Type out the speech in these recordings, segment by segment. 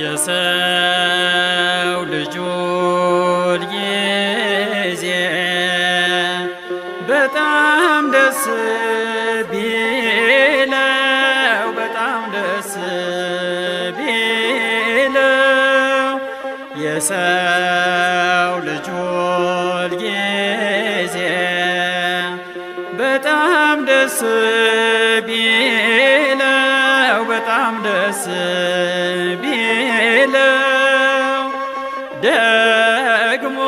የሰው ልጁን ጊዜ በጣም ደስ ቢለው በጣም ደስ ቢለው የሰው ልጁን ጊዜ በጣም ደስ ቢለው በጣም ደስ ቢለው ደግሞ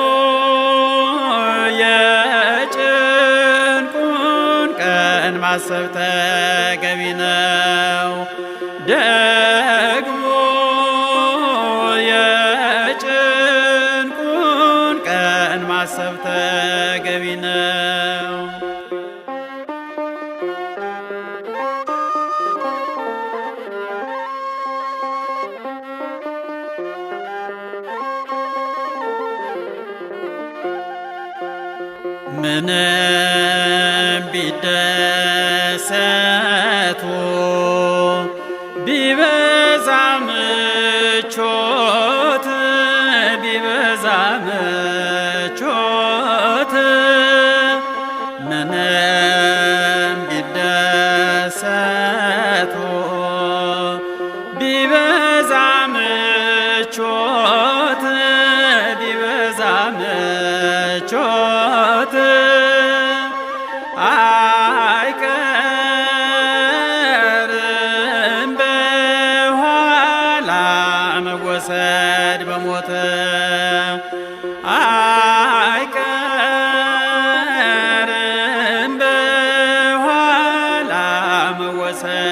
የጭንቁን ቀን ማሰብ ተገቢ ነው። ደግሞ የጭንቁን ቀን ማሰብ ተገቢ ነው። ምንም ቢደሰቱ ቢበዛ ምቾት ቢበዛ ምቾት ምንም ቢደሰቱ ቢበዛ ምቾት ሞት አይቀርም በኋላ መወሰድ በሞት አይቀርም በኋላ መወሰድ